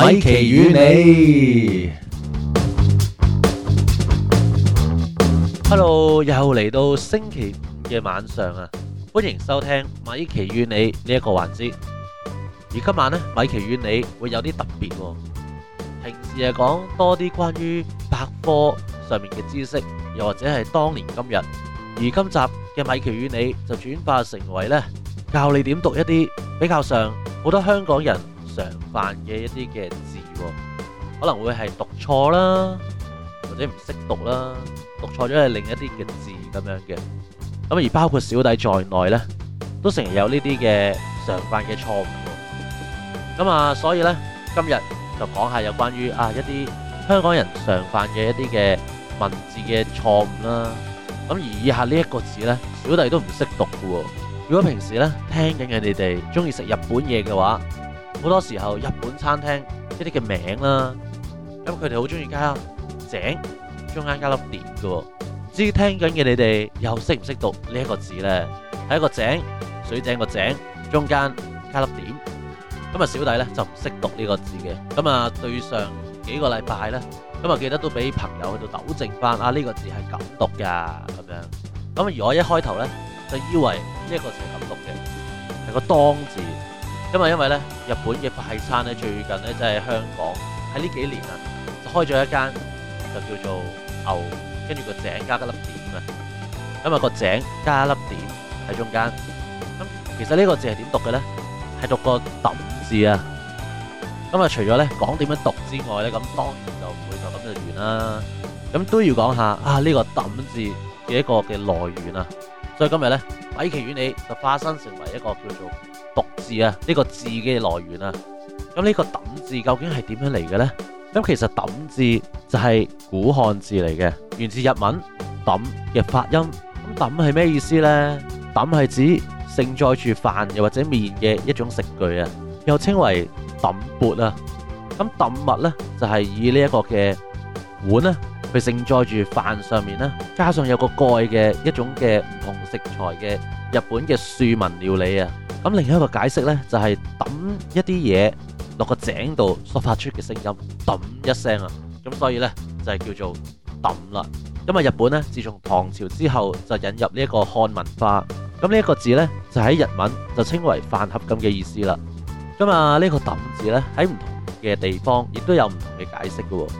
米奇與你，Hello，又嚟到星期五嘅晚上啊！歡迎收聽米奇與你呢一個環節。而今晚呢，米奇與你會有啲特別。平時係講多啲關於百科上面嘅知識，又或者係當年今日。而今集嘅米奇與你就轉化成為呢，教你點讀一啲比較上好多香港人。常犯嘅一啲嘅字，可能會係讀錯啦，或者唔識讀啦，讀錯咗係另一啲嘅字咁樣嘅。咁而包括小弟在內咧，都成日有呢啲嘅常犯嘅錯誤。咁啊，所以咧今日就講下有關於啊一啲香港人常犯嘅一啲嘅文字嘅錯誤啦。咁而以下呢一個字咧，小弟都唔識讀嘅。如果平時咧聽緊係你哋中意食日本嘢嘅話。好多時候，日本餐廳一啲嘅名啦，咁佢哋好中意加井，中間加粒點嘅。唔知聽緊嘅你哋又識唔識讀呢一個字咧？係一個井，水井個井，中間加粒點。咁啊，小弟咧就唔識讀呢個字嘅。咁啊，對上幾個禮拜咧，咁啊記得都俾朋友去到糾正翻啊，呢個字係咁讀㗎咁樣。咁啊，而我一開頭咧就以為呢一個字係咁讀嘅，係個當字。今日因為咧，日本嘅快餐咧，最近咧即係香港喺呢幾年啊，就開咗一間，就叫做牛，跟住個井加一粒點啊。咁啊，個井加一粒點喺中間。咁其實呢個字係點讀嘅咧？係讀個抌字啊。咁啊，除咗咧講點樣讀之外咧，咁當然就唔會就咁就完啦。咁都要講下啊，呢個抌字嘅一個嘅來源啊。所以今日咧，米奇與你就化身成為一個叫做。“丼”字啊，呢個字嘅來源啊，咁呢個“丼”字究竟係點樣嚟嘅呢？咁其實“丼”字就係古漢字嚟嘅，源自日文“丼”嘅發音。咁“丼”係咩意思呢？“丼”係指盛載住飯又或者麵嘅一種食具啊，又稱為“丼缽”啊。咁“丼物”呢，就係以呢一個嘅碗啊，去盛載住飯上面咧，加上有個蓋嘅一種嘅唔同食材嘅日本嘅庶民料理啊。咁另一個解釋呢，就係揼一啲嘢落個井度所發出嘅聲音，揼一聲啊！咁所以呢，就係叫做揼啦。咁啊，日本呢，自從唐朝之後就引入呢一個漢文化，咁呢一個字呢，就喺日文就稱為飯盒咁嘅意思啦。咁啊，呢個揼字呢，喺唔同嘅地方亦都有唔同嘅解釋噶喎。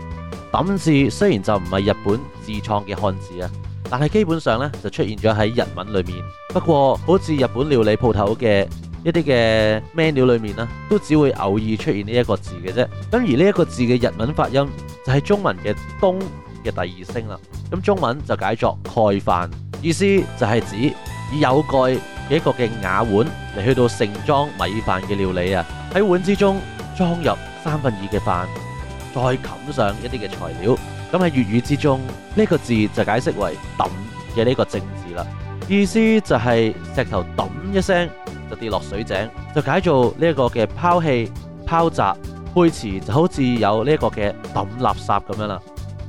揼字雖然就唔係日本自創嘅漢字啊。但係基本上咧，就出現咗喺日文裏面。不過好似日本料理鋪頭嘅一啲嘅 menu 裏面呢，都只會偶爾出現呢一個字嘅啫。咁而呢一個字嘅日文發音就係中文嘅冬嘅第二聲啦。咁中文就解作蓋飯，意思就係指以有蓋嘅一個嘅瓦碗嚟去到盛裝米飯嘅料理啊。喺碗之中裝入三分二嘅飯，再冚上一啲嘅材料。咁喺粵語之中，呢個字就解釋為抌嘅呢個正字啦，意思就係石頭抌一聲就跌落水井，就解做呢一個嘅拋棄、拋擲、棄置，就好似有呢一個嘅抌垃圾咁樣啦。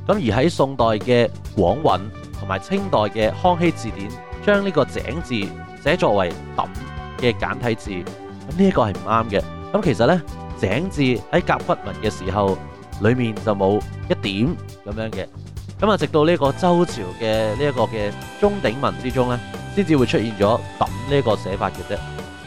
咁而喺宋代嘅《廣韻》同埋清代嘅《康熙字典》，將呢個井字寫作為抌嘅簡體字，咁呢一個係唔啱嘅。咁其實呢，井字喺甲骨文嘅時候，裏面就冇一點。咁樣嘅咁啊，直到呢個周朝嘅呢一個嘅鐘鼎文之中咧，先至會出現咗丼呢個寫法嘅啫。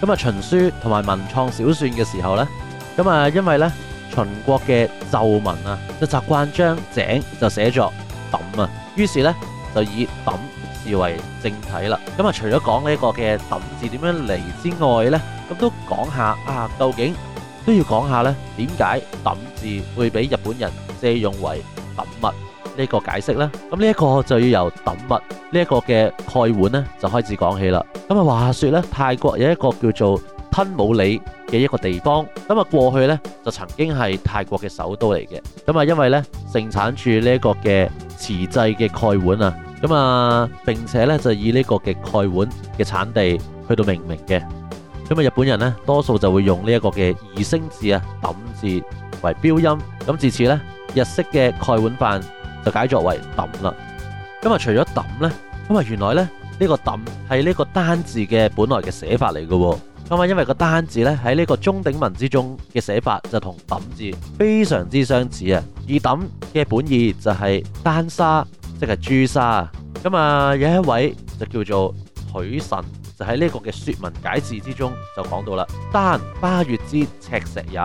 咁啊，秦書同埋文創小篆嘅時候咧，咁啊，因為咧秦國嘅籀文啊，就習慣將井就寫作丼啊，於是咧就以丼視為正體啦。咁啊，除咗講呢一個嘅丼字點樣嚟之外咧，咁都講下啊，究竟都要講下咧點解丼字會俾日本人借用為丼物呢個解釋呢，咁呢一個就要由丼物呢一個嘅蓋碗咧就開始講起啦。咁啊話說咧，泰國有一個叫做吞武里嘅一個地方，咁啊過去咧就曾經係泰國嘅首都嚟嘅。咁啊因為咧盛產住呢一個嘅瓷製嘅蓋碗啊，咁啊並且咧就以呢個嘅蓋碗嘅產地去到命名嘅。咁啊日本人咧多數就會用呢一個嘅擬聲字啊丼字為標音，咁自此咧。日式嘅蓋碗飯就解作為抌啦，咁啊除咗抌呢，咁啊原來呢，呢個抌係呢個丹字嘅本來嘅寫法嚟嘅喎。咁啊，因為、個丹字呢喺呢個鐘鼎文之中嘅寫法就同抌字非常之相似啊。而抌嘅本意就係、係、丹砂，即係朱砂。咁啊，有一位就叫做許慎，就喺呢個嘅《說文解字》之中就講到啦：丹，巴越之赤石也。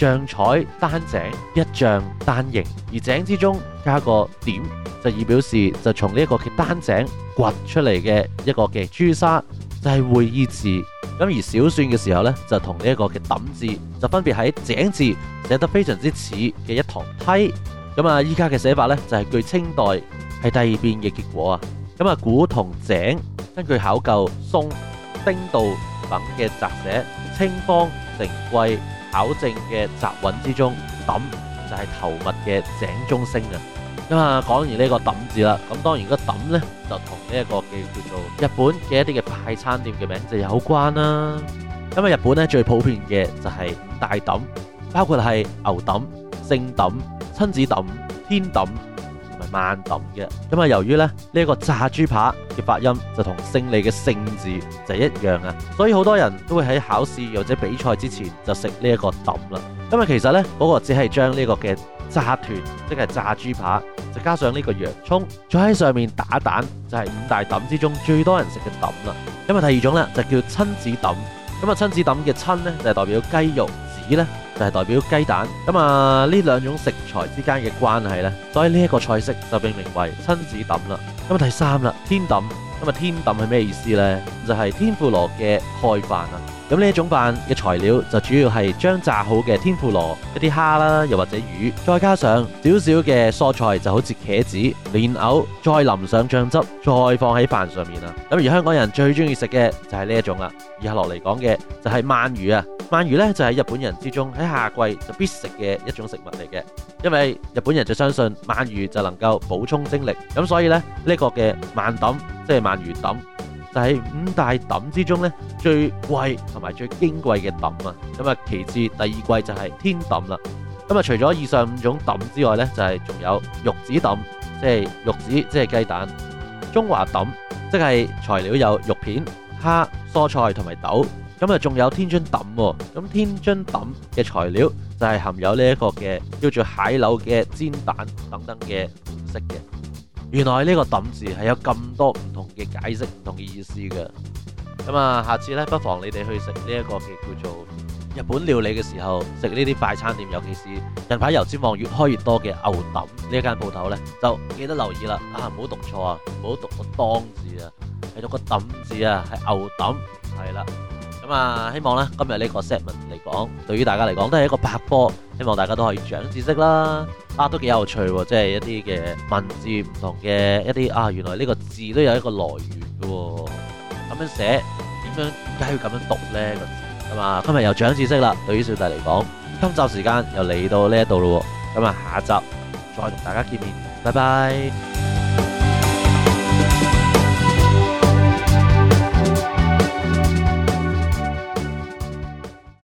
象彩丹井一象丹形，而井之中加一個點，就以表示就從呢一個嘅丹井掘出嚟嘅一個嘅朱砂就係會意字。咁而小篆嘅時候呢，就同呢一個嘅丹字就分別喺井字寫得非常之似嘅一堂梯。咁啊，依家嘅寫法呢就係據清代係第二變嘅結果啊。咁啊，古同井根據考究，宋丁度等嘅集寫，清方成貴。考證嘅集韻之中，丼就係頭物嘅井中聲啊。咁啊，講完呢個丼字啦，咁當然個丼咧就同呢一個嘅叫做日本嘅一啲嘅快餐店嘅名就有關啦。咁啊，日本咧，最普遍嘅就係大丼，包括係牛丼、聖丼、親子丼、天丼。慢丼嘅，咁啊由於咧呢一個炸豬扒嘅發音就同勝利嘅勝字就係一樣啊，所以好多人都會喺考試或者比賽之前就食呢一個丼啦。因為其實咧嗰個只係將呢個嘅炸團，即係炸豬扒，就加上呢個洋葱，再喺上面打蛋，就係五大丼之中最多人食嘅丼啦。咁啊第二種咧就叫親子丼，咁啊親子丼嘅親咧就係代表雞肉，子咧，就係代表雞蛋咁啊！呢、嗯、兩種食材之間嘅關係咧，所以呢一個菜式就被名為親子丼啦。咁、嗯、啊，第三啦，天丼咁啊，天丼係咩意思咧？就係、是、天婦羅嘅蓋飯啊！咁呢一種飯嘅材料就主要係將炸好嘅天婦羅一啲蝦啦，又或者魚，再加上少少嘅蔬菜，就好似茄子、蓮藕，再淋上醬汁，再放喺飯上面啊。咁而香港人最中意食嘅就係呢一種啦。以下落嚟講嘅就係鰻魚啊，鰻魚呢，就係日本人之中喺夏季就必食嘅一種食物嚟嘅，因為日本人就相信鰻魚就能夠補充精力，咁所以呢，呢個嘅鰻丼即係鰻魚丼。就係五大丼之中呢，最貴同埋最矜貴嘅丼啊！咁啊，其次第二貴就係天丼啦。咁啊，除咗以上五種丼之外呢，就係仲有玉子丼，即係玉子即係雞蛋；中華丼，即係材料有肉片、蝦、蔬菜同埋豆。咁啊，仲有天津丼。咁天津丼嘅材料就係含有呢一個嘅叫做蟹柳嘅煎蛋等等嘅形式嘅。原來呢、這個丼字係有咁多唔同嘅解釋、唔同嘅意思嘅。咁啊，下次咧不妨你哋去食呢一個嘅叫做日本料理嘅時候，食呢啲快餐店，尤其是近排油尖旺越開越多嘅牛丼呢一間鋪頭咧，就記得留意啦。啊，唔好讀錯啊，唔好讀,讀個當字啊，係讀個丼字啊，係牛丼，係啦。啊、嗯，希望咧今日呢個 set 文嚟講，對於大家嚟講都係一個百科，希望大家都可以長知識啦。啊，都幾有趣，即、就、係、是、一啲嘅文字唔同嘅一啲啊，原來呢個字都有一個來源噶。咁樣寫，點樣？點解要咁樣讀呢、這個、字。咁、嗯、啊，今日又長知識啦。對於小弟嚟講，今集時間又嚟到呢一度啦。咁、嗯、啊，下集再同大家見面，拜拜。